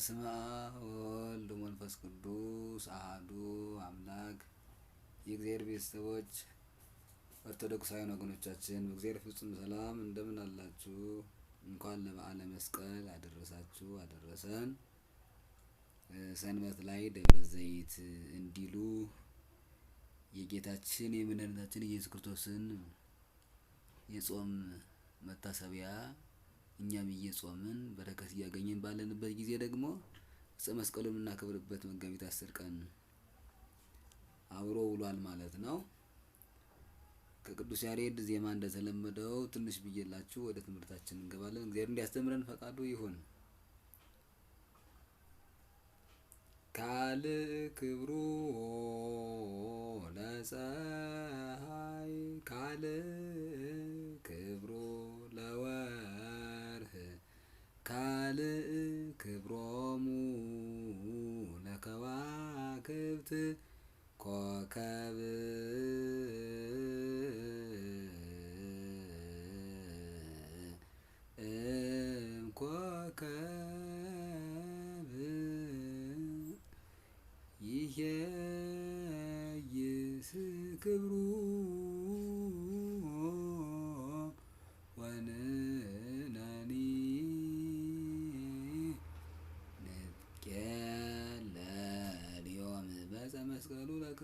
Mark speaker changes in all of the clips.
Speaker 1: በስመ አብ ወወልድ ወመንፈስ ቅዱስ አሐዱ አምላክ። የእግዚአብሔር ቤተሰቦች ኦርቶዶክሳውያን ወገኖቻችን በእግዚአብሔር ፍጹም ሰላም እንደምን አላችሁ? እንኳን ለበዓለ መስቀል አደረሳችሁ አደረሰን። ሰንበት ላይ ደብረ ዘይት እንዲሉ የጌታችን የመድኃኒታችን ኢየሱስ ክርስቶስን የጾም መታሰቢያ እኛም እየጾምን በረከት እያገኘን ባለንበት ጊዜ ደግሞ ዕፀ መስቀሉ የምናከብርበት መጋቢት አስር ቀን አብሮ ውሏል ማለት ነው። ከቅዱስ ያሬድ ዜማ እንደተለመደው ትንሽ ብዬላችሁ ወደ ትምህርታችን እንገባለን። እግዚአብሔር እንዲያስተምረን ፈቃዱ ይሁን። ካል ክብሩ ለፀሐይ ካል ክብሩ ኮከብ እም ኮከብ ይሄ ይስ ክብሩ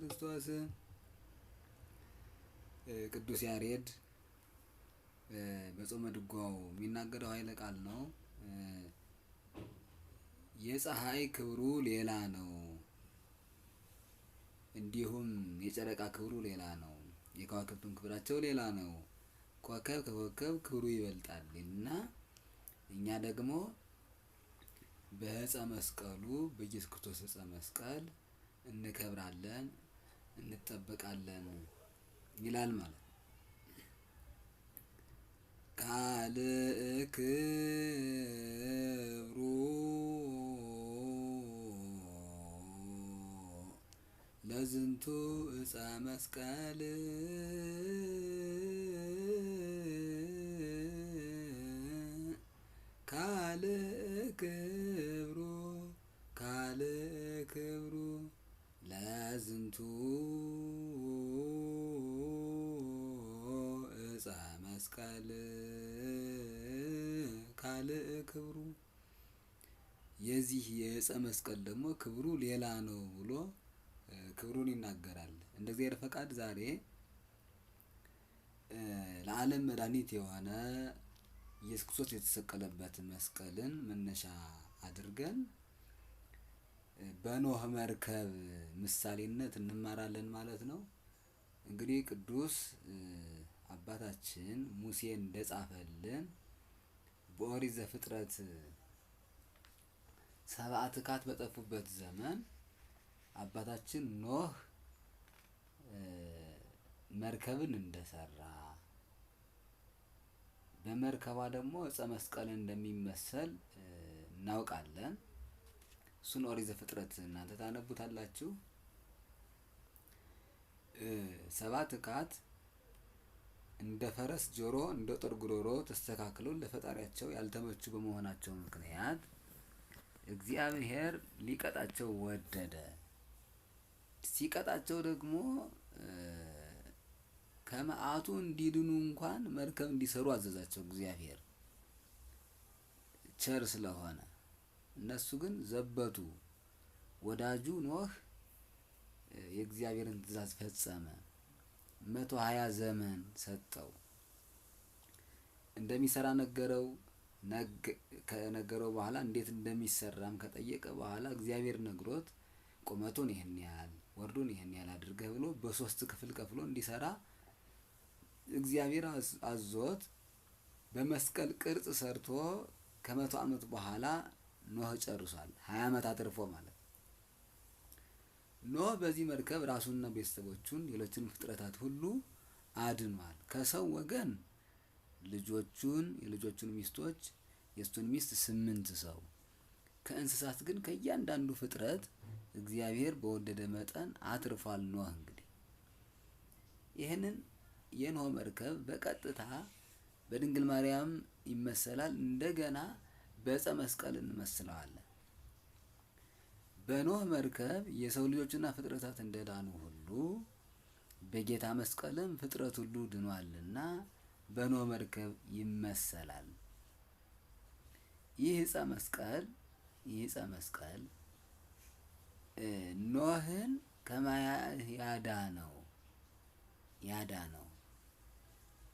Speaker 1: ክርስቶስ ቅዱስ ያሬድ በጾመ ድጓው የሚናገረው ኃይለ ቃል ነው። የፀሐይ ክብሩ ሌላ ነው፣ እንዲሁም የጨረቃ ክብሩ ሌላ ነው፣ የከዋክብቱን ክብራቸው ሌላ ነው። ኮከብ ከኮከብ ክብሩ ይበልጣል እና እኛ ደግሞ በህፀ መስቀሉ በኢየሱስ ክርስቶስ ህፀ መስቀል እንከብራለን። እንጠበቃለን ይላል ማለት ነው። ካልእክብሩ ለዝንቱ እፀ መስቀል መስቀል ካልእ ክብሩ የዚህ የእፀ መስቀል ደግሞ ክብሩ ሌላ ነው ብሎ ክብሩን ይናገራል። እንደ እግዚአብሔር ፈቃድ ዛሬ ለዓለም መድኃኒት የሆነ ኢየሱስ ክርስቶስ የተሰቀለበት መስቀልን መነሻ አድርገን በኖህ መርከብ ምሳሌነት እንማራለን ማለት ነው። እንግዲህ ቅዱስ አባታችን ሙሴ እንደጻፈልን በኦሪት ዘፍጥረት ሰብአ ትካት በጠፉበት ዘመን አባታችን ኖህ መርከብን እንደሰራ በመርከቧ ደግሞ እጸ መስቀልን እንደሚመሰል እናውቃለን። እሱን ኦሪት ዘፍጥረት እናንተ ታነቡታላችሁ። ሰብአ ትካት እንደ ፈረስ ጆሮ እንደ ጦር ጉሮሮ ተስተካክለው ለፈጣሪያቸው ያልተመቹ በመሆናቸው ምክንያት እግዚአብሔር ሊቀጣቸው ወደደ። ሲቀጣቸው ደግሞ ከመዓቱ እንዲድኑ እንኳን መርከብ እንዲሰሩ አዘዛቸው። እግዚአብሔር ቸር ስለሆነ እነሱ ግን ዘበቱ። ወዳጁ ኖህ የእግዚአብሔርን ትእዛዝ ፈጸመ። መቶ ሀያ ዘመን ሰጠው። እንደሚሰራ ነገረው። ከነገረው በኋላ እንዴት እንደሚሰራም ከጠየቀ በኋላ እግዚአብሔር ነግሮት ቁመቱን ይህን ያህል ወርዱን ይህን ያህል አድርገህ ብሎ በሶስት ክፍል ከፍሎ እንዲሰራ እግዚአብሔር አዞት በመስቀል ቅርጽ ሰርቶ ከመቶ ዓመት በኋላ ኖህ ጨርሷል። ሀያ ዓመት አትርፎ ማለት ኖህ በዚህ መርከብ ራሱንና ቤተሰቦቹን ሌሎችን ፍጥረታት ሁሉ አድኗል። ከሰው ወገን ልጆቹን፣ የልጆቹን ሚስቶች፣ የእሱን ሚስት ስምንት ሰው ከእንስሳት ግን ከእያንዳንዱ ፍጥረት እግዚአብሔር በወደደ መጠን አትርፏል። ኖህ እንግዲህ ይህንን የኖህ መርከብ በቀጥታ በድንግል ማርያም ይመሰላል። እንደገና በዕፀ መስቀል እንመስለዋለን። በኖህ መርከብ የሰው ልጆችና ፍጥረታት እንደዳኑ ሁሉ በጌታ መስቀልም ፍጥረት ሁሉ ድኗልና በኖህ መርከብ ይመሰላል። ይህ ዕፀ መስቀል ይህ ዕፀ መስቀል ኖህን ነው ያዳ ነው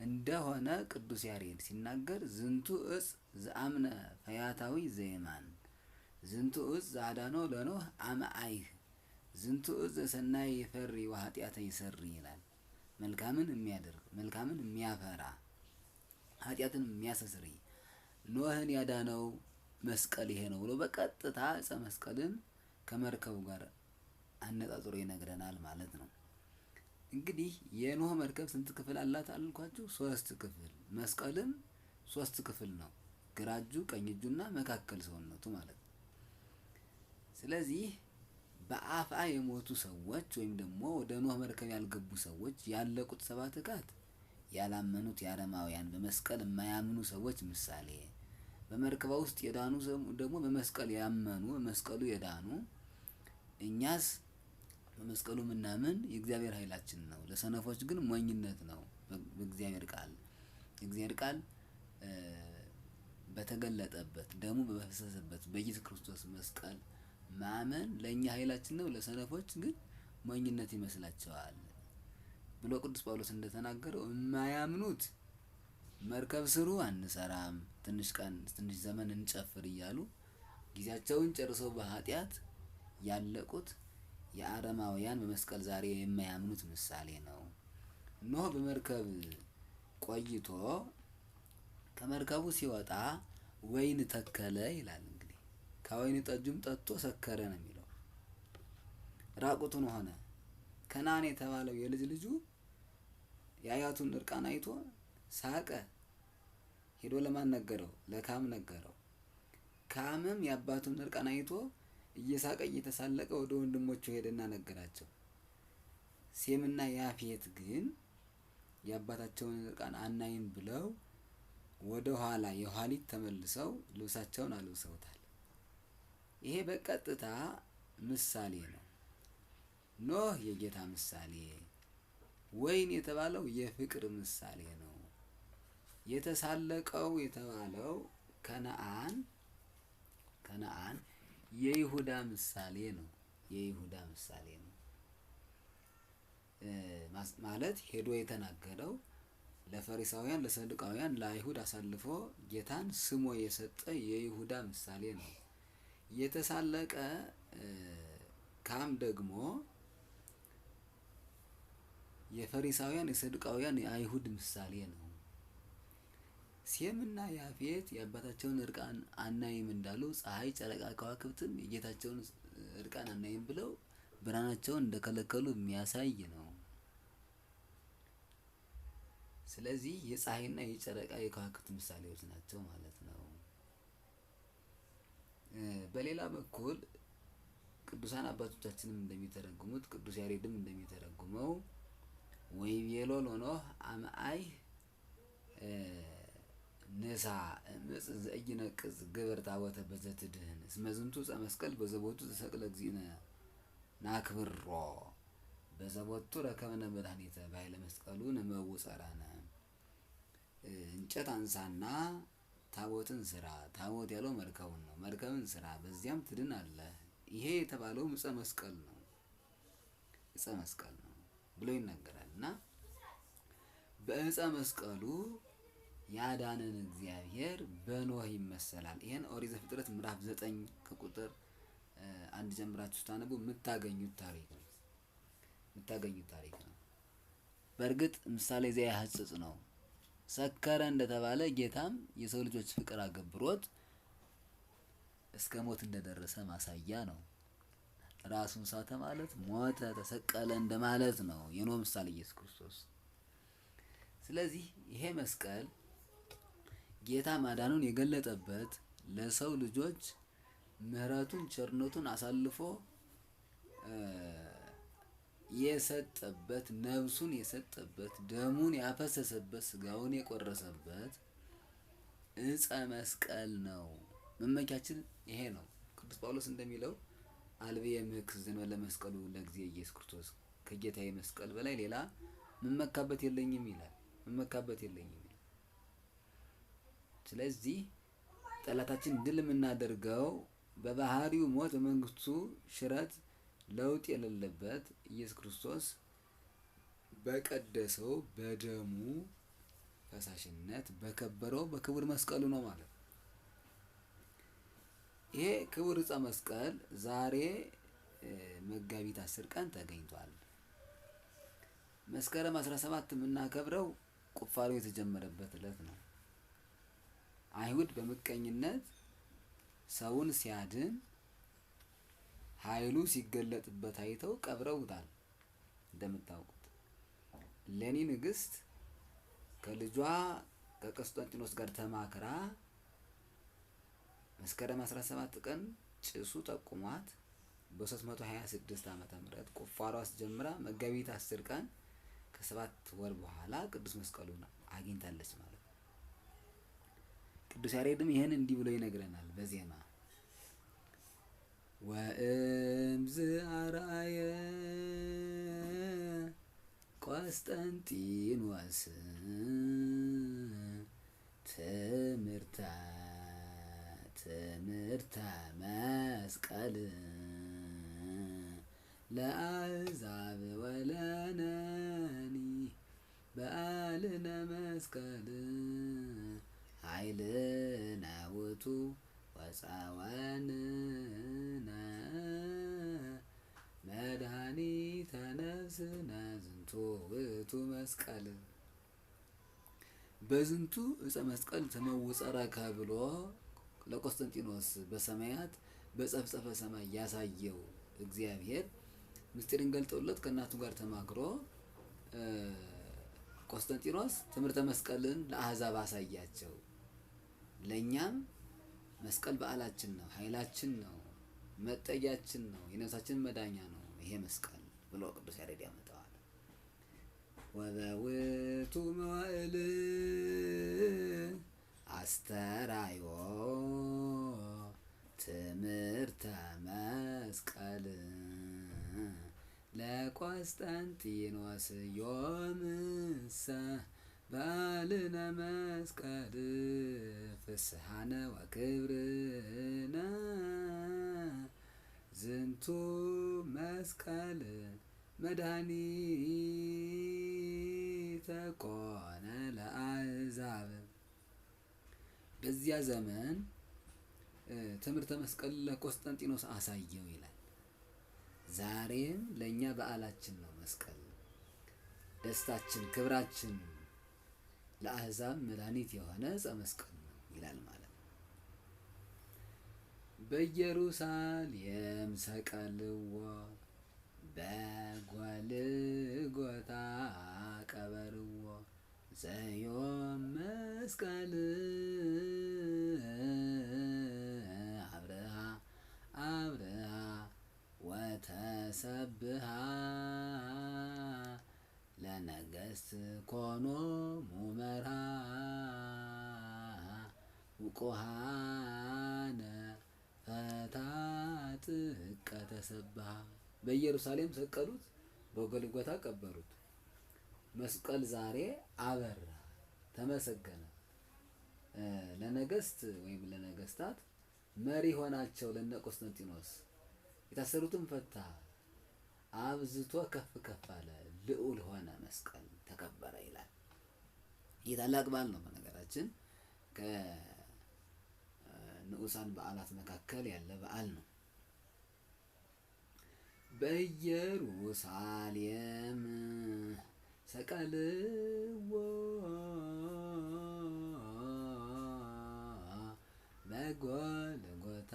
Speaker 1: እንደሆነ ቅዱስ ያሬድ ሲናገር ዝንቱ ዕፅ ዘአምነ ፈያታዊ ዘይማን ዝንቱ እዝ ዘአዳኖ ለኖህ አመ ዝንቱ እዝ ዘሰናይ ይፈሪ ወኃጢአተ ይሰሪ ይላል። መልካምን የሚያደርግ መልካምን የሚያፈራ ኃጢአትን የሚያሰስሪ ኖህን ያዳነው መስቀል ይሄ ነው ብሎ በቀጥታ እፀ መስቀልን ከመርከቡ ጋር አነጣጥሮ ይነግረናል ማለት ነው። እንግዲህ የኖህ መርከብ ስንት ክፍል አላት አልኳችሁ? ሶስት ክፍል መስቀልም ሶስት ክፍል ነው። ግራ እጁ፣ ቀኝ እጁና መካከል ሰውነቱ ማለት ነው። ስለዚህ በአፋ የሞቱ ሰዎች ወይም ደግሞ ወደ ኖህ መርከብ ያልገቡ ሰዎች ያለቁት ሰባት እካት ያላመኑት የአረማውያን በመስቀል የማያምኑ ሰዎች ምሳሌ፣ በመርከባ ውስጥ የዳኑ ደግሞ በመስቀል ያመኑ በመስቀሉ የዳኑ እኛስ በመስቀሉ ምናምን የእግዚአብሔር ኃይላችን ነው። ለሰነፎች ግን ሞኝነት ነው። በእግዚአብሔር ቃል እግዚአብሔር ቃል በተገለጠበት ደሙ በፈሰሰበት በኢየሱስ ክርስቶስ መስቀል ማመን ለእኛ ኃይላችን ነው፣ ለሰነፎች ግን ሞኝነት ይመስላቸዋል ብሎ ቅዱስ ጳውሎስ እንደተናገረው የማያምኑት መርከብ ስሩ አንሰራም፣ ትንሽ ቀን ትንሽ ዘመን እንጨፍር እያሉ ጊዜያቸውን ጨርሰው በኃጢአት ያለቁት የአረማውያን በመስቀል ዛሬ የማያምኑት ምሳሌ ነው። እነሆ በመርከብ ቆይቶ ከመርከቡ ሲወጣ ወይን ተከለ ይላል። ከወይን ጠጁም ጠጥቶ ሰከረ ነው የሚለው። ራቁቱን ሆነ። ከናን የተባለው የልጅ ልጁ የአያቱን እርቃን አይቶ ሳቀ። ሄዶ ለማን ነገረው? ለካም ነገረው። ካምም የአባቱን እርቃን አይቶ እየሳቀ እየተሳለቀ ወደ ወንድሞቹ ሄደና ነገራቸው። ሴምና ያፌት ግን የአባታቸውን እርቃን አናይም ብለው ወደ ኋላ የኋሊት ተመልሰው ልብሳቸውን አልብሰውታል። ይሄ በቀጥታ ምሳሌ ነው። ኖህ የጌታ ምሳሌ፣ ወይን የተባለው የፍቅር ምሳሌ ነው። የተሳለቀው የተባለው ከነአን ከነአን የይሁዳ ምሳሌ ነው። የይሁዳ ምሳሌ ነው ማለት ሄዶ የተናገረው ለፈሪሳውያን፣ ለሰዱቃውያን፣ ለአይሁድ አሳልፎ ጌታን ስሞ የሰጠ የይሁዳ ምሳሌ ነው። የተሳለቀ ካም ደግሞ የፈሪሳውያን የሰዱቃውያን የአይሁድ ምሳሌ ነው። ሴምና ያፌት የአባታቸውን እርቃን አናይም እንዳሉ ፀሐይ፣ ጨረቃ፣ ከዋክብትም የጌታቸውን እርቃን አናይም ብለው ብርሃናቸውን እንደከለከሉ የሚያሳይ ነው። ስለዚህ የፀሐይና የጨረቃ የከዋክብት ምሳሌዎች ናቸው ማለት ነው። በሌላ በኩል ቅዱሳን አባቶቻችንም እንደሚተረጉሙት ቅዱስ ያሬድም እንደሚተረጉመው ወይቤሎ ሎኖህ አምአይ ንሳ እምፅ ዘኢይነቅዝ ግብር ታቦተ በዘት ድህን ዝንቱ ዕፀ በዘቦቱ ዘሰቅለ እግዚእነ ናክብሮ በዘቦቱ ረከብነ መድኃኒተ በኃይለ መስቀሉ ንመውፀ ራነ እንጨት አንሳና ታቦትን ስራ። ታቦት ያለው መርከቡን ነው። መርከብን ስራ፣ በዚያም ትድን አለ። ይሄ የተባለው ዕፀ መስቀል ነው። ዕፀ መስቀል ነው ብሎ ይናገራል እና በዕፀ መስቀሉ ያዳነን እግዚአብሔር በኖህ ይመሰላል። ይህን ኦሪት ዘፍጥረት ምዕራፍ ዘጠኝ ከቁጥር አንድ ጀምራችሁ ስታነቡ የምታገኙት ታሪክ ነው የምታገኙት ታሪክ ነው። በእርግጥ ምሳሌ እዚያ ያህጽጽ ነው። ሰከረ እንደተባለ ጌታም የሰው ልጆች ፍቅር አገብሮት እስከ ሞት እንደደረሰ ማሳያ ነው። ራሱን ሳተ ማለት ሞተ፣ ተሰቀለ እንደማለት ነው። የኖ ምሳሌ ኢየሱስ ክርስቶስ። ስለዚህ ይሄ መስቀል ጌታ ማዳኑን የገለጠበት ለሰው ልጆች ምሕረቱን ቸርነቱን አሳልፎ የሰጠበት ነብሱን የሰጠበት ደሙን ያፈሰሰበት ስጋውን የቆረሰበት እጸ መስቀል ነው። መመኪያችን ይሄ ነው። ቅዱስ ጳውሎስ እንደሚለው አልብየ ምክስ ዘመን ለመስቀሉ ለጊዜ ኢየሱስ ክርስቶስ ከጌታ የመስቀል በላይ ሌላ መመካበት የለኝም ይላል። መመካበት የለኝም። ስለዚህ ጠላታችን ድል የምናደርገው በባህሪው ሞት በመንግስቱ ሽረት ለውጥ የሌለበት ኢየሱስ ክርስቶስ በቀደሰው በደሙ ፈሳሽነት በከበረው በክቡር መስቀሉ ነው ማለት ነው። ይሄ ክቡር ዕፀ መስቀል ዛሬ መጋቢት አስር ቀን ተገኝቷል። መስከረም 17 የምናከብረው ቁፋሮ የተጀመረበት ዕለት ነው። አይሁድ በምቀኝነት ሰውን ሲያድን ኃይሉ ሲገለጥበት አይተው ቀብረውታል። እንደምታውቁት ለኔ ንግስት ከልጇ ከቀስጠንጢኖስ ጋር ተማክራ መስከረም 17 ቀን ጭሱ ጠቁሟት በ326 ዓመተ ምህረት ቁፋሮ አስጀምራ መጋቢት 10 ቀን ከሰባት ወር በኋላ ቅዱስ መስቀሉን አግኝታለች ማለት ነው። ቅዱስ ያሬድም ይህን እንዲህ ብሎ ይነግረናል በዜማ ወእምዝ አርአየ ቆስጠንጢኖስ ትምህርታ ትምህርተ መስቀል ለአሕዛብ ወለነኒ በዓልነ መስቀል ኃይልነ ውእቱ ወፀወን መድኃኒተ ነፍስነ ዝንቱ ውእቱ መስቀል በዝንቱ እፀ መስቀል ተመውፀረከ ብሎ ለቆስጠንጢኖስ በሰማያት በጸፍጸፈ ሰማይ ያሳየው እግዚአብሔር ምስጢርን ገልጠውለት ከእናቱ ጋር ተማክሮ ቆስጠንጢኖስ ትምህርተ መስቀልን ለአሕዛብ አሳያቸው። ለእኛም መስቀል በዓላችን ነው፣ ኃይላችን ነው፣ መጠጊያችን ነው፣ የነፍሳችን መዳኛ ነው። ይሄ መስቀል ብሎ ቅዱስ ያሬድ ያመጣዋል። ወበውቱ መዋእል አስተራዮ ትምህርተ መስቀል ለቆስጠንጢኖስ ዮምሰ ባልነ መስቀል ፍስሐነ ወክብርነ ዝንቱ መስቀል መድኃኒተ ኮነ ለአሕዛብ። በዚያ ዘመን ትምህርተ መስቀል ለቆስጠንጢኖስ አሳየው ይላል። ዛሬም ለእኛ በዓላችን ነው መስቀል፣ ደስታችን፣ ክብራችን ለአሕዛብ መድኃኒት የሆነ ዕፀ መስቀል ነው ይላል ማለት በኢየሩሳሌም ሰቀልዎ በጎልጎታ ቀበርዎ ዘዮም መስቀል አብርሃ አብርሃ ወተሰብሃ ለነገስት ኮኖ መርሃ ውቁሃ ስቀተ ሰብሃ በኢየሩሳሌም ሰቀሉት፣ በጎልጎታ ቀበሩት። መስቀል ዛሬ አበራ፣ ተመሰገነ። ለነገስት ወይም ለነገስታት መሪ ሆናቸው ለነ ቆስጠንጢኖስ የታሰሩትን ፈታ፣ አብዝቶ ከፍ ከፍ አለ፣ ልዑል ሆነ፣ መስቀል ተከበረ ይላል። ይህ ታላቅ በዓል ነው። በነገራችን ከንዑሳን በዓላት መካከል ያለ በዓል ነው። በኢየሩሳሌም ሰቀልዎ በጎልጎታ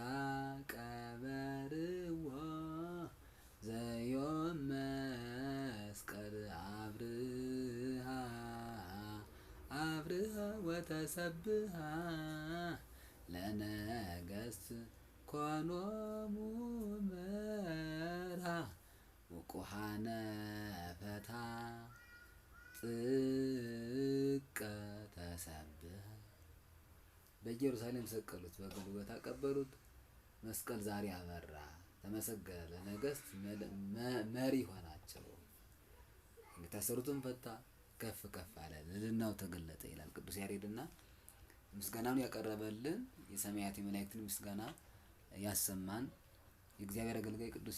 Speaker 1: ቀበርዎ ዘዮም መስቀል አብርሃ አብርሃ ወተሰብሃ ለነገስት ኮኖሙ ቁሃነ ፈታ ጽቀ ተሰብህ በኢየሩሳሌም ሰቀሉት፣ በጎልጎታ ቀበሩት። መስቀል ዛሬ አበራ፣ ተመሰገለ። ነገስት መሪ ሆናቸው፣ የታሰሩትን ፈታ፣ ከፍ ከፍ አለ፣ ልዕልናው ተገለጠ ይላል ቅዱስ ያሬድና ምስጋናውን ያቀረበልን የሰማያት የመላእክትን ምስጋና ያሰማን የእግዚአብሔር አገልጋይ ቅዱስ